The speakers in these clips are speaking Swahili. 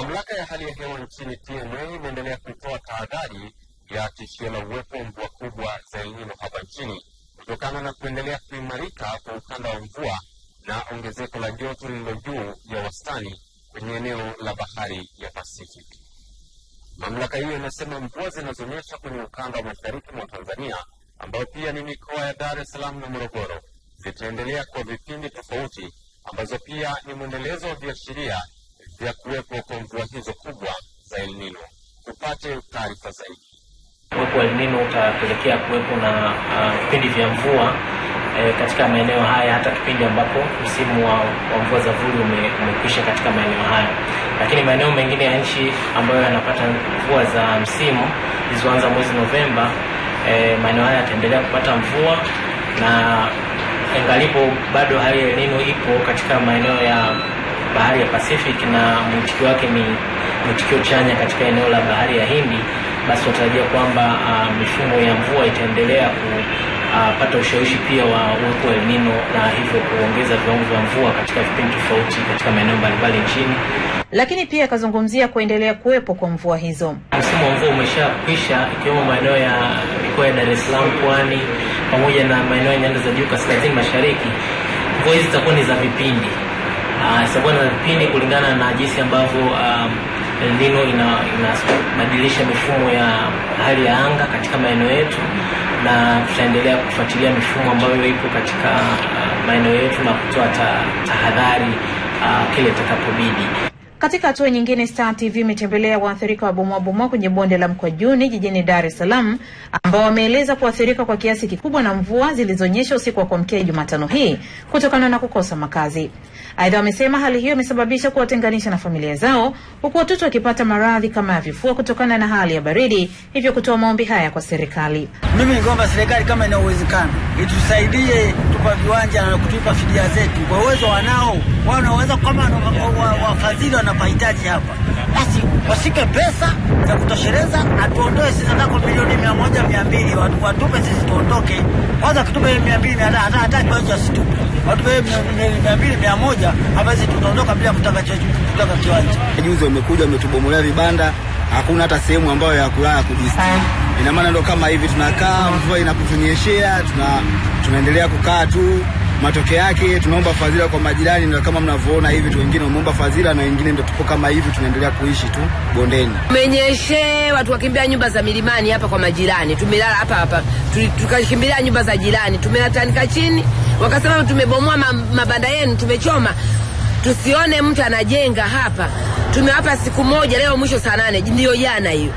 Mamlaka ya hali ya hewa nchini TMA imeendelea kutoa tahadhari ya tishio la uwepo wa mvua kubwa za Elnino hapa nchini kutokana na kuendelea kuimarika kwa ukanda wa mvua na ongezeko la joto lililo juu ya wastani kwenye eneo la bahari ya Pacific. Mamlaka hiyo inasema mvua zinazonyesha kwenye ukanda wa mashariki mwa Tanzania ambayo pia ni mikoa ya Dar es Salaam na Morogoro zitaendelea kwa vipindi tofauti ambazo pia ni mwendelezo wa viashiria ya kuwepo kwa mvua hizo kubwa za El Nino. Tupate taarifa zaidi. Uwepo wa El Nino utapelekea kuwepo na uh, vipindi uh, vya mvua e, katika maeneo haya hata kipindi ambapo msimu wa, wa mvua za vuli ume, umekwisha katika maeneo haya, lakini maeneo mengine ya nchi ambayo yanapata mvua za msimu zilizoanza mwezi Novemba e, maeneo haya yataendelea kupata mvua na engalipo eh, bado hali ya El Nino ipo katika maeneo ya bahari ya Pacific na mwitikio wake ni mwitikio chanya katika eneo la bahari ya Hindi, basi tunatarajia kwamba uh, mifumo ya mvua itaendelea kupata ah, uh, ushawishi pia wa uwepo wa El Nino na hivyo kuongeza viwango vya mvua katika vipindi tofauti katika maeneo mbalimbali nchini. Lakini pia akazungumzia kuendelea kuwepo kwa mvua hizo. Msimu wa mvua umeshakwisha ikiwemo maeneo ya mikoa ya Dar es Salaam, Pwani pamoja na maeneo ya nyanda za juu kaskazini mashariki. Mvua hizi zitakuwa ni za vipindi uh, na vipindi kulingana na jinsi ambavyo um, El Nino inabadilisha ina mifumo ya hali ya anga katika maeneo yetu, na tutaendelea kufuatilia mifumo ambayo ipo katika uh, maeneo yetu na kutoa tahadhari uh, kile itakapobidi. Katika hatua nyingine, Star TV imetembelea waathirika wa bomoa bomoa kwenye bonde la Mkwajuni jijini Dar es Salaam, ambao wameeleza kuathirika kwa kiasi kikubwa na mvua zilizonyesha usiku wa kuamkia Jumatano hii kutokana na kukosa makazi. Aidha, wamesema hali hiyo imesababisha kuwatenganisha na familia zao, huku watoto wakipata maradhi kama ya vifua kutokana na hali ya baridi, hivyo kutoa maombi haya kwa serikali. Mimi ningeomba serikali kama ina uwezekano itusaidie tupa viwanja na kutupa fidia zetu kwa uwezo wanao wanaweza kama wafadhili na mahitaji hapa, basi wasike pesa za kutosheleza, na tuondoe sisi zako milioni mia moja mia mbili watupe sisi tuondoke. Kwanza kitupe mia mbili hata hata kiwacho asitupe, watupe mia mbili mia moja ambazo tutaondoka bila kutaka kutaka kiwanja. Juzi wamekuja wametubomolea vibanda, hakuna hata sehemu ambayo ya kulala kujistiri. Ina maana ndo kama hivi tunakaa, mvua inakutunyeshea, tuna tunaendelea kukaa tu. Matokeo yake tunaomba fadhila kwa majirani, na kama mnavyoona hivi tu, wengine wameomba fadhila na wengine ndio tupo kama hivi, tunaendelea kuishi tu bondeni. Tumenyeshe watu wakimbia nyumba za milimani hapa kwa majirani, tumelala hapa hapa, tukakimbilia nyumba za jirani, tumetanika chini, wakasema tumebomoa mabanda yenu, tumechoma tusione mtu anajenga hapa. Tumewapa siku moja, leo mwisho saa nane, ndio jana hiyo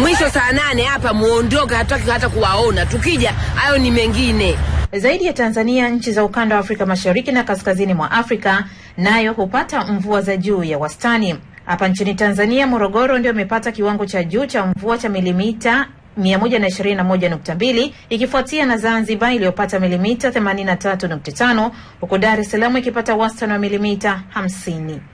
mwisho saa nane hapa, muondoke, hatutaki hata kuwaona. Tukija hayo ni mengine. Zaidi ya Tanzania, nchi za ukanda wa Afrika Mashariki na kaskazini mwa Afrika nayo hupata mvua za juu ya wastani. Hapa nchini Tanzania, Morogoro ndio imepata kiwango cha juu cha mvua cha milimita 121.2 ikifuatia na Zanzibar iliyopata milimita 83.5 huku Dar es Salaam ikipata wastani wa milimita 50.